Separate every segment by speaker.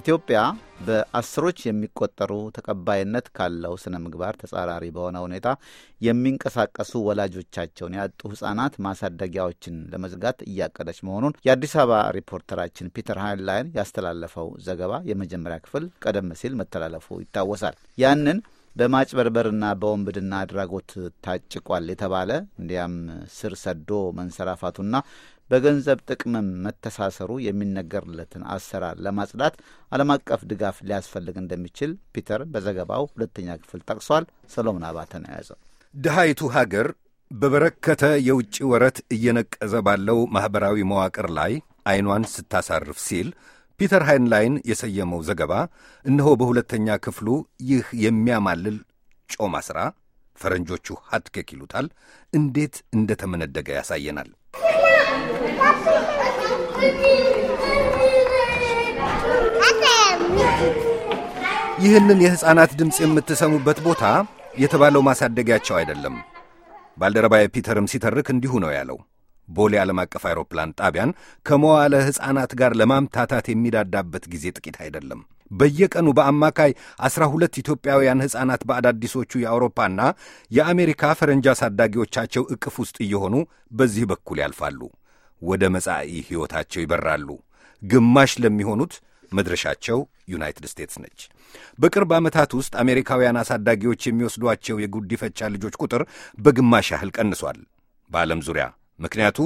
Speaker 1: ኢትዮጵያ በአስሮች የሚቆጠሩ ተቀባይነት ካለው ስነ ምግባር ተጻራሪ በሆነ ሁኔታ የሚንቀሳቀሱ ወላጆቻቸውን ያጡ ሕጻናት ማሳደጊያዎችን ለመዝጋት እያቀደች መሆኑን የአዲስ አበባ ሪፖርተራችን ፒተር ሃይንላይን ያስተላለፈው ዘገባ የመጀመሪያ ክፍል ቀደም ሲል መተላለፉ ይታወሳል። ያንን በማጭበርበርና በወንብድና አድራጎት ታጭቋል የተባለ እንዲያም ስር ሰዶ መንሰራፋቱና በገንዘብ ጥቅምም መተሳሰሩ የሚነገርለትን አሰራር ለማጽዳት ዓለም አቀፍ ድጋፍ ሊያስፈልግ እንደሚችል ፒተር በዘገባው
Speaker 2: ሁለተኛ ክፍል ጠቅሷል። ሰሎሞን አባተ ነው የያዘው። ድሃይቱ ሀገር በበረከተ የውጭ ወረት እየነቀዘ ባለው ማኅበራዊ መዋቅር ላይ ዐይኗን ስታሳርፍ ሲል ፒተር ሃይንላይን የሰየመው ዘገባ እነሆ በሁለተኛ ክፍሉ ይህ የሚያማልል ጮማ ሥራ ፈረንጆቹ ሀትኬክ ይሉታል እንዴት እንደተመነደገ ያሳየናል። ይህንን የሕፃናት ድምፅ የምትሰሙበት ቦታ የተባለው ማሳደጊያቸው አይደለም። ባልደረባ የፒተርም ሲተርክ እንዲሁ ነው ያለው። ቦሌ ዓለም አቀፍ አይሮፕላን ጣቢያን ከመዋለ ሕፃናት ጋር ለማምታታት የሚዳዳበት ጊዜ ጥቂት አይደለም። በየቀኑ በአማካይ ዐሥራ ሁለት ኢትዮጵያውያን ሕፃናት በአዳዲሶቹ የአውሮፓና የአሜሪካ ፈረንጅ አሳዳጊዎቻቸው ዕቅፍ ውስጥ እየሆኑ በዚህ በኩል ያልፋሉ። ወደ መጻኢ ሕይወታቸው ይበራሉ። ግማሽ ለሚሆኑት መድረሻቸው ዩናይትድ ስቴትስ ነች። በቅርብ ዓመታት ውስጥ አሜሪካውያን አሳዳጊዎች የሚወስዷቸው የጉዲፈቻ ልጆች ቁጥር በግማሽ ያህል ቀንሷል በዓለም ዙሪያ። ምክንያቱ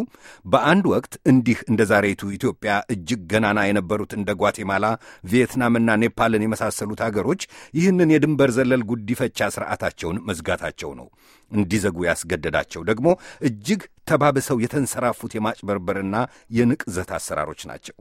Speaker 2: በአንድ ወቅት እንዲህ እንደ ዛሬቱ ኢትዮጵያ እጅግ ገናና የነበሩት እንደ ጓቴማላ፣ ቪየትናምና ኔፓልን የመሳሰሉት አገሮች ይህንን የድንበር ዘለል ጉዲፈቻ ስርዓታቸውን መዝጋታቸው ነው። እንዲዘጉ ያስገደዳቸው ደግሞ እጅግ ተባብሰው የተንሰራፉት የማጭበርበርና የንቅዘት አሰራሮች ናቸው።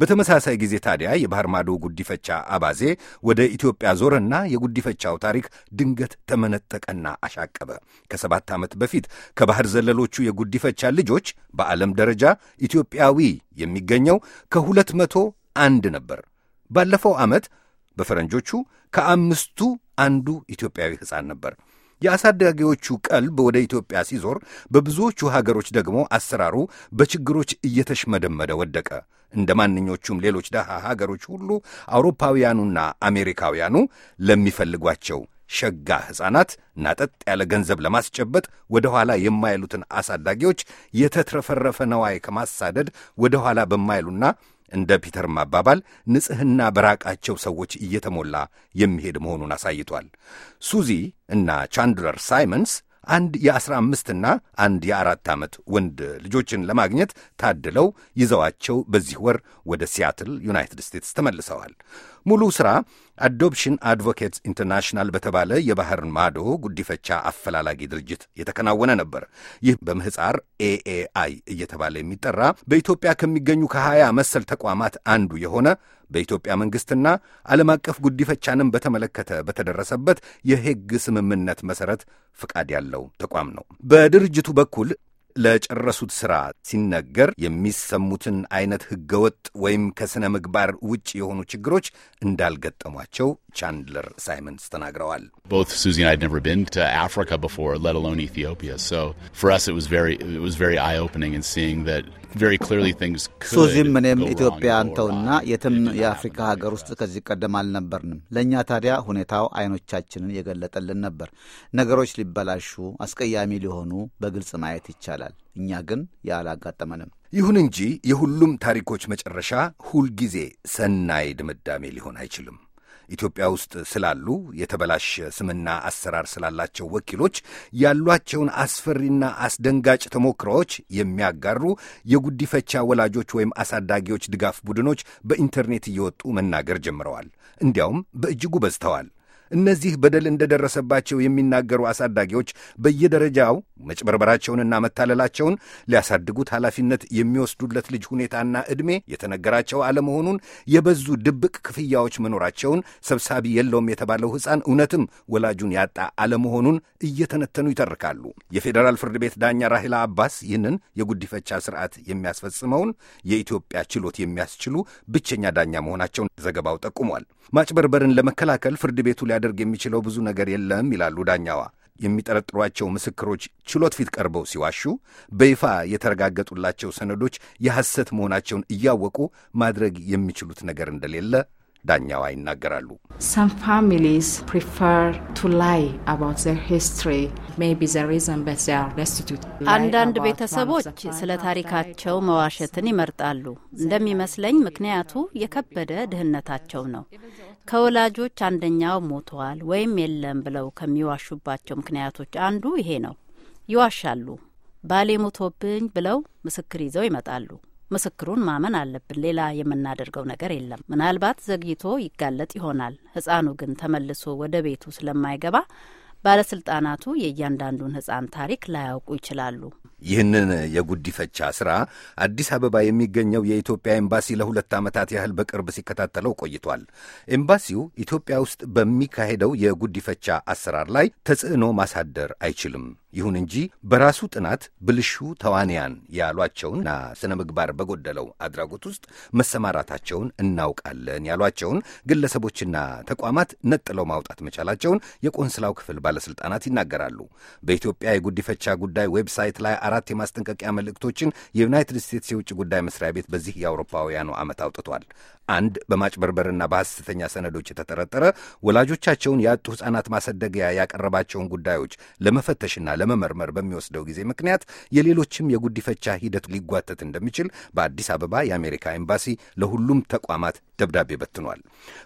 Speaker 2: በተመሳሳይ ጊዜ ታዲያ የባህር ማዶ ጉዲፈቻ አባዜ ወደ ኢትዮጵያ ዞረና የጉዲፈቻው ታሪክ ድንገት ተመነጠቀና አሻቀበ። ከሰባት ዓመት በፊት ከባህር ዘለሎቹ የጉዲፈቻ ልጆች በዓለም ደረጃ ኢትዮጵያዊ የሚገኘው ከሁለት መቶ አንድ ነበር። ባለፈው ዓመት በፈረንጆቹ ከአምስቱ አንዱ ኢትዮጵያዊ ሕፃን ነበር። የአሳዳጊዎቹ ቀልብ ወደ ኢትዮጵያ ሲዞር፣ በብዙዎቹ ሀገሮች ደግሞ አሰራሩ በችግሮች እየተሽመደመደ ወደቀ። እንደ ማንኞቹም ሌሎች ደሃ ሀገሮች ሁሉ አውሮፓውያኑና አሜሪካውያኑ ለሚፈልጓቸው ሸጋ ሕፃናት ናጠጥ ያለ ገንዘብ ለማስጨበጥ ወደ ኋላ የማይሉትን አሳዳጊዎች የተትረፈረፈ ነዋይ ከማሳደድ ወደ ኋላ በማይሉና እንደ ፒተር ማባባል ንጽሕና በራቃቸው ሰዎች እየተሞላ የሚሄድ መሆኑን አሳይቷል። ሱዚ እና ቻንድለር ሳይመንስ አንድ የአስራ አምስትና አንድ የአራት ዓመት ወንድ ልጆችን ለማግኘት ታድለው ይዘዋቸው በዚህ ወር ወደ ሲያትል ዩናይትድ ስቴትስ ተመልሰዋል። ሙሉ ሥራ አዶፕሽን አድቮኬትስ ኢንተርናሽናል በተባለ የባህር ማዶ ጉዲፈቻ አፈላላጊ ድርጅት የተከናወነ ነበር። ይህ በምህፃር ኤኤአይ እየተባለ የሚጠራ በኢትዮጵያ ከሚገኙ ከሀያ መሰል ተቋማት አንዱ የሆነ በኢትዮጵያ መንግሥትና ዓለም አቀፍ ጉዲፈቻንም በተመለከተ በተደረሰበት የሄግ ስምምነት መሠረት ፍቃድ ያለው ተቋም ነው። በድርጅቱ በኩል ለጨረሱት ሥራ ሲነገር የሚሰሙትን አይነት ህገወጥ ወይም ከሥነ ምግባር ውጭ የሆኑ ችግሮች እንዳልገጠሟቸው ቻንድለር ሳይመንስ ተናግረዋል። ሱዚም እኔም
Speaker 1: ኢትዮጵያ አንተውና የትም የአፍሪካ ሀገር ውስጥ ከዚህ ቀደም አልነበርንም። ለእኛ ታዲያ ሁኔታው አይኖቻችንን የገለጠልን ነበር። ነገሮች ሊበላሹ፣ አስቀያሚ ሊሆኑ በግልጽ ማየት
Speaker 2: ይቻላል። ይባላል። እኛ ግን ያላጋጠመንም። ይሁን እንጂ የሁሉም ታሪኮች መጨረሻ ሁልጊዜ ሰናይ ድምዳሜ ሊሆን አይችልም። ኢትዮጵያ ውስጥ ስላሉ የተበላሸ ስምና አሰራር ስላላቸው ወኪሎች ያሏቸውን አስፈሪና አስደንጋጭ ተሞክሮዎች የሚያጋሩ የጉዲፈቻ ወላጆች ወይም አሳዳጊዎች ድጋፍ ቡድኖች በኢንተርኔት እየወጡ መናገር ጀምረዋል። እንዲያውም በእጅጉ በዝተዋል። እነዚህ በደል እንደደረሰባቸው የሚናገሩ አሳዳጊዎች በየደረጃው መጭበርበራቸውንና መታለላቸውን ሊያሳድጉት ኃላፊነት የሚወስዱለት ልጅ ሁኔታና ዕድሜ የተነገራቸው አለመሆኑን የበዙ ድብቅ ክፍያዎች መኖራቸውን ሰብሳቢ የለውም የተባለው ሕፃን እውነትም ወላጁን ያጣ አለመሆኑን እየተነተኑ ይተርካሉ። የፌዴራል ፍርድ ቤት ዳኛ ራሂላ አባስ ይህንን የጉዲፈቻ ስርዓት የሚያስፈጽመውን የኢትዮጵያ ችሎት የሚያስችሉ ብቸኛ ዳኛ መሆናቸውን ዘገባው ጠቁሟል። ማጭበርበርን ለመከላከል ፍርድ ቤቱ ሊያደርግ የሚችለው ብዙ ነገር የለም ይላሉ ዳኛዋ። የሚጠረጥሯቸው ምስክሮች ችሎት ፊት ቀርበው ሲዋሹ፣ በይፋ የተረጋገጡላቸው ሰነዶች የሐሰት መሆናቸውን እያወቁ ማድረግ የሚችሉት ነገር እንደሌለ ዳኛዋ ይናገራሉ።
Speaker 3: አንዳንድ ቤተሰቦች ስለ ታሪካቸው መዋሸትን ይመርጣሉ። እንደሚመስለኝ ምክንያቱ የከበደ ድህነታቸው ነው። ከወላጆች አንደኛው ሞተዋል ወይም የለም ብለው ከሚዋሹባቸው ምክንያቶች አንዱ ይሄ ነው። ይዋሻሉ። ባሌ ሞቶብኝ ብለው ምስክር ይዘው ይመጣሉ። ምስክሩን ማመን አለብን። ሌላ የምናደርገው ነገር የለም። ምናልባት ዘግይቶ ይጋለጥ ይሆናል። ህጻኑ ግን ተመልሶ ወደ ቤቱ ስለማይገባ ባለስልጣናቱ የእያንዳንዱን ህጻን ታሪክ ላያውቁ ይችላሉ።
Speaker 2: ይህንን የጉዲፈቻ ስራ አዲስ አበባ የሚገኘው የኢትዮጵያ ኤምባሲ ለሁለት ዓመታት ያህል በቅርብ ሲከታተለው ቆይቷል። ኤምባሲው ኢትዮጵያ ውስጥ በሚካሄደው የጉዲፈቻ አሰራር ላይ ተጽዕኖ ማሳደር አይችልም ይሁን እንጂ በራሱ ጥናት ብልሹ ተዋንያን ያሏቸውንና ስነ ምግባር በጎደለው አድራጎት ውስጥ መሰማራታቸውን እናውቃለን ያሏቸውን ግለሰቦችና ተቋማት ነጥለው ማውጣት መቻላቸውን የቆንስላው ክፍል ባለስልጣናት ይናገራሉ። በኢትዮጵያ የጉዲፈቻ ጉዳይ ዌብሳይት ላይ አራት የማስጠንቀቂያ መልእክቶችን የዩናይትድ ስቴትስ የውጭ ጉዳይ መስሪያ ቤት በዚህ የአውሮፓውያኑ ዓመት አውጥቷል። አንድ በማጭበርበርና በሐሰተኛ ሰነዶች የተጠረጠረ ወላጆቻቸውን ያጡ ሕፃናት ማሰደጊያ ያቀረባቸውን ጉዳዮች ለመፈተሽና ለመመርመር በሚወስደው ጊዜ ምክንያት የሌሎችም የጉዲፈቻ ሂደት ሊጓተት እንደሚችል በአዲስ አበባ የአሜሪካ ኤምባሲ ለሁሉም ተቋማት ደብዳቤ በትኗል።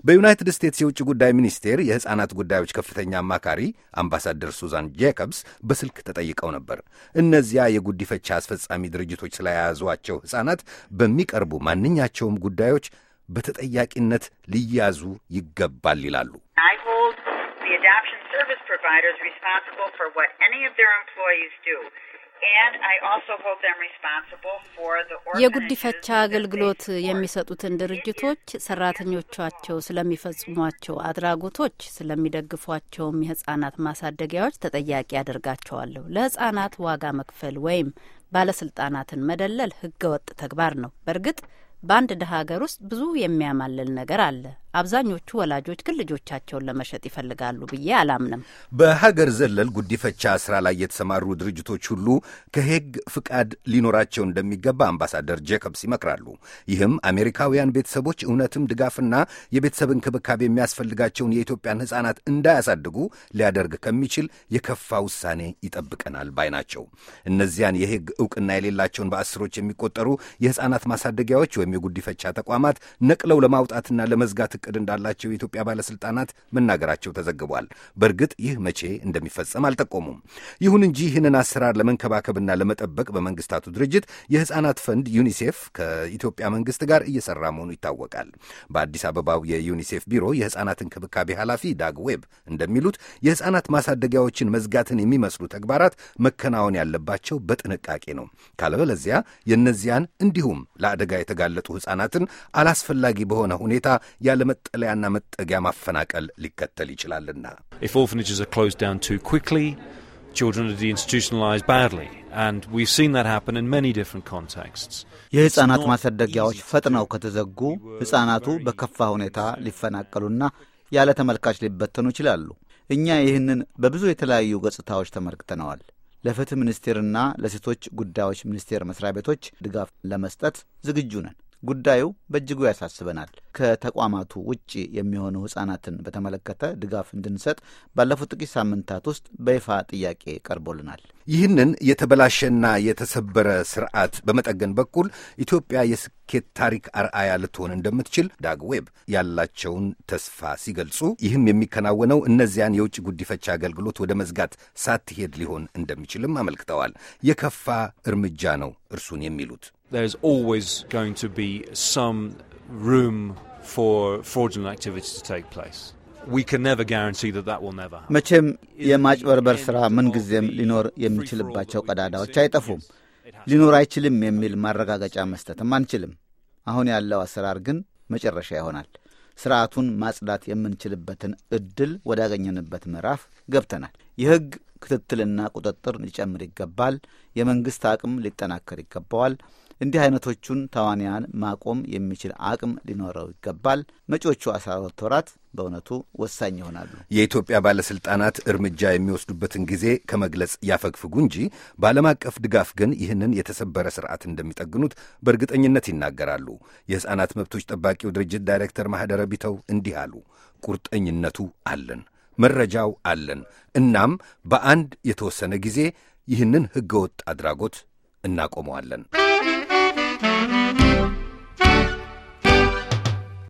Speaker 2: በዩናይትድ ስቴትስ የውጭ ጉዳይ ሚኒስቴር የሕፃናት ጉዳዮች ከፍተኛ አማካሪ አምባሳደር ሱዛን ጄኮብስ በስልክ ተጠይቀው ነበር። እነዚያ የጉዲፈቻ አስፈጻሚ ድርጅቶች ስለያዟቸው ሕፃናት በሚቀርቡ ማንኛቸውም ጉዳዮች በተጠያቂነት ሊያዙ ይገባል ይላሉ።
Speaker 1: adoption service providers responsible for what any of their employees do. የጉዲፈቻ
Speaker 3: አገልግሎት የሚሰጡትን ድርጅቶች ሰራተኞቻቸው ስለሚፈጽሟቸው አድራጎቶች፣ ስለሚደግፏቸውም የህጻናት ማሳደጊያዎች ተጠያቂ ያደርጋቸዋለሁ። ለህጻናት ዋጋ መክፈል ወይም ባለስልጣናትን መደለል ህገወጥ ተግባር ነው። በእርግጥ በአንድ ድሀ ሀገር ውስጥ ብዙ የሚያማልል ነገር አለ። አብዛኞቹ ወላጆች ግን ልጆቻቸውን ለመሸጥ ይፈልጋሉ ብዬ አላምንም።
Speaker 2: በሀገር ዘለል ጉዲፈቻ ስራ ላይ የተሰማሩ ድርጅቶች ሁሉ ከሄግ ፍቃድ ሊኖራቸው እንደሚገባ አምባሳደር ጄኮብስ ይመክራሉ። ይህም አሜሪካውያን ቤተሰቦች እውነትም ድጋፍና የቤተሰብ እንክብካቤ የሚያስፈልጋቸውን የኢትዮጵያን ሕጻናት እንዳያሳድጉ ሊያደርግ ከሚችል የከፋ ውሳኔ ይጠብቀናል ባይ ናቸው። እነዚያን የሄግ እውቅና የሌላቸውን በአስሮች የሚቆጠሩ የሕጻናት ማሳደጊያዎች ወይም የጉዲፈቻ ተቋማት ነቅለው ለማውጣትና ለመዝጋት እቅድ እንዳላቸው የኢትዮጵያ ባለስልጣናት መናገራቸው ተዘግቧል። በእርግጥ ይህ መቼ እንደሚፈጸም አልጠቆሙም። ይሁን እንጂ ይህንን አሰራር ለመንከባከብና ለመጠበቅ በመንግስታቱ ድርጅት የህፃናት ፈንድ ዩኒሴፍ ከኢትዮጵያ መንግስት ጋር እየሰራ መሆኑ ይታወቃል። በአዲስ አበባው የዩኒሴፍ ቢሮ የህፃናት እንክብካቤ ኃላፊ ዳግ ዌብ እንደሚሉት የህፃናት ማሳደጊያዎችን መዝጋትን የሚመስሉ ተግባራት መከናወን ያለባቸው በጥንቃቄ ነው። ካለበለዚያ የእነዚያን እንዲሁም ለአደጋ የተጋለጡ ህፃናትን አላስፈላጊ በሆነ ሁኔታ ያለመ መጠለያና መጠጊያ ማፈናቀል ሊከተል ይችላልና
Speaker 1: የሕፃናት ማሰደጊያዎች ፈጥነው ከተዘጉ ሕፃናቱ በከፋ ሁኔታ ሊፈናቀሉና ያለ ተመልካች ሊበተኑ ይችላሉ። እኛ ይህንን በብዙ የተለያዩ ገጽታዎች ተመልክተነዋል። ለፍትህ ሚኒስቴርና ለሴቶች ጉዳዮች ሚኒስቴር መስሪያ ቤቶች ድጋፍ ለመስጠት ዝግጁ ነን። ጉዳዩ በእጅጉ ያሳስበናል። ከተቋማቱ ውጭ የሚሆኑ ሕጻናትን በተመለከተ ድጋፍ እንድንሰጥ
Speaker 2: ባለፉት ጥቂት ሳምንታት ውስጥ በይፋ ጥያቄ ቀርቦልናል። ይህንን የተበላሸና የተሰበረ ስርዓት በመጠገን በኩል ኢትዮጵያ የስኬት ታሪክ አርአያ ልትሆን እንደምትችል ዳግ ዌብ ያላቸውን ተስፋ ሲገልጹ፣ ይህም የሚከናወነው እነዚያን የውጭ ጉዲፈቻ አገልግሎት ወደ መዝጋት ሳትሄድ ሊሆን እንደሚችልም አመልክተዋል። የከፋ እርምጃ ነው እርሱን የሚሉት there's always going to be some room for fraudulent activity to take place.
Speaker 1: መቼም የማጭበርበር ሥራ ምንጊዜም ሊኖር የሚችልባቸው ቀዳዳዎች አይጠፉም። ሊኖር አይችልም የሚል ማረጋገጫ መስጠትም አንችልም። አሁን ያለው አሰራር ግን መጨረሻ ይሆናል። ስርዓቱን ማጽዳት የምንችልበትን እድል ወዳገኘንበት ምዕራፍ ገብተናል። የሕግ ክትትልና ቁጥጥር ሊጨምር ይገባል። የመንግሥት አቅም ሊጠናከር ይገባዋል። እንዲህ አይነቶቹን ተዋንያን ማቆም የሚችል አቅም
Speaker 2: ሊኖረው ይገባል። መጪዎቹ 14 ወራት በእውነቱ ወሳኝ ይሆናሉ። የኢትዮጵያ ባለስልጣናት እርምጃ የሚወስዱበትን ጊዜ ከመግለጽ ያፈግፍጉ እንጂ በዓለም አቀፍ ድጋፍ ግን ይህንን የተሰበረ ስርዓት እንደሚጠግኑት በእርግጠኝነት ይናገራሉ። የሕፃናት መብቶች ጠባቂው ድርጅት ዳይሬክተር ማህደረ ቢተው እንዲህ አሉ። ቁርጠኝነቱ አለን፣ መረጃው አለን። እናም በአንድ የተወሰነ ጊዜ ይህንን ህገወጥ አድራጎት እናቆመዋለን።